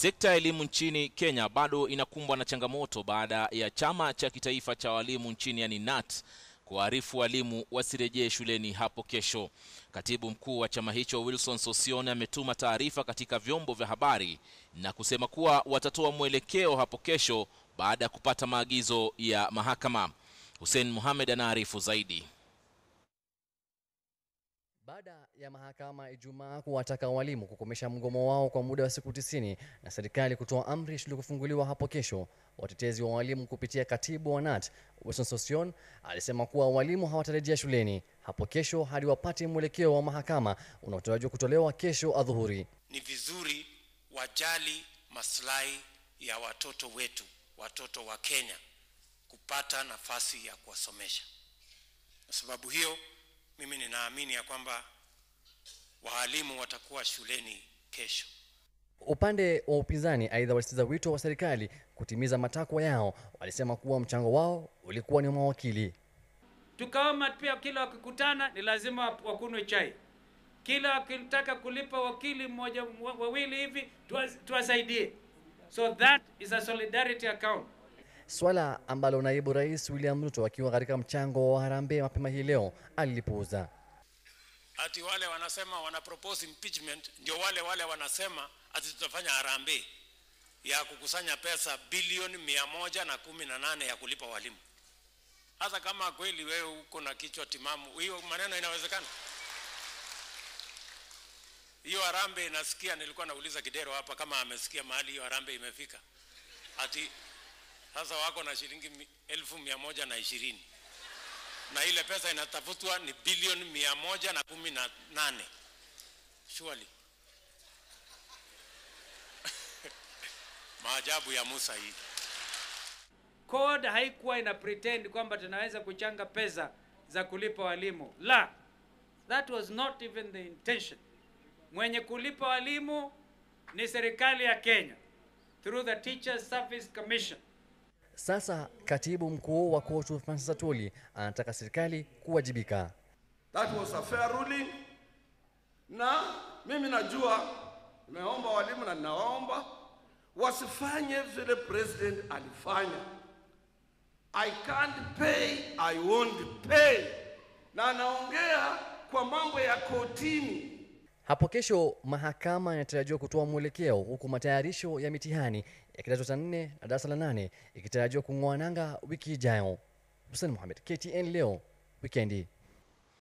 Sekta ya elimu nchini Kenya bado inakumbwa na changamoto baada ya chama cha kitaifa cha walimu nchini yani NAT kuarifu walimu wasirejee shuleni hapo kesho. Katibu mkuu wa chama hicho Wilson Sosione ametuma taarifa katika vyombo vya habari na kusema kuwa watatoa mwelekeo hapo kesho baada ya kupata maagizo ya mahakama. Hussein Mohamed anaarifu zaidi. Baada ya mahakama Ijumaa kuwataka walimu kukomesha mgomo wao kwa muda wa siku tisini na serikali kutoa amri shule kufunguliwa hapo kesho, watetezi wa walimu kupitia katibu wa KNUT Wilson Sossion alisema kuwa walimu hawatarejea shuleni hapo kesho hadi wapate mwelekeo wa mahakama unaotarajiwa kutolewa kesho adhuhuri. Ni vizuri wajali maslahi ya watoto wetu, watoto wa Kenya kupata nafasi ya kuwasomesha. Kwa sababu hiyo mimi ninaamini ya kwamba waalimu watakuwa shuleni kesho. Upande wa upinzani aidha, walisitiza wito wa serikali kutimiza matakwa yao. Walisema kuwa mchango wao ulikuwa ni mawakili. tukaoma pia, kila wakikutana ni lazima wakunwe chai, kila wakitaka kulipa wakili mmoja wawili hivi tuwasaidie, so that is a solidarity account swala ambalo naibu rais William Ruto akiwa katika mchango wa harambee mapema hii leo alilipuuza. Ati wale wanasema wana propose impeachment ndio wale wale wanasema ati tutafanya harambee ya kukusanya pesa bilioni mia moja na kumi na nane ya kulipa walimu. Hata kama kweli wewe uko na kichwa timamu, hiyo maneno inawezekana? Hiyo harambe nasikia, nilikuwa nauliza Kidero hapa kama amesikia mahali hiyo harambe imefika, ati sasa wako na shilingi elfu mia moja na ishirini na ile pesa inatafutwa ni bilioni mia moja na kumi na nane surely maajabu ya Musa hii. CORD haikuwa ina pretend kwamba tunaweza kuchanga pesa za kulipa walimu. La, that was not even the intention. Mwenye kulipa walimu ni serikali ya Kenya through the Teachers Service Commission. Sasa katibu mkuu wa Court Francis Pensatoli anataka serikali kuwajibika. That was a fair ruling, na mimi najua, nimeomba walimu na ninawaomba wasifanye vile president alifanya. I can't pay, I won't pay, na anaongea kwa mambo ya kotini hapo kesho mahakama inatarajiwa kutoa mwelekeo, huku matayarisho ya mitihani ya kidato cha nne na darasa la nane ikitarajiwa kung'oa nanga wiki ijayo. Hussein Mohamed, KTN leo wikendi.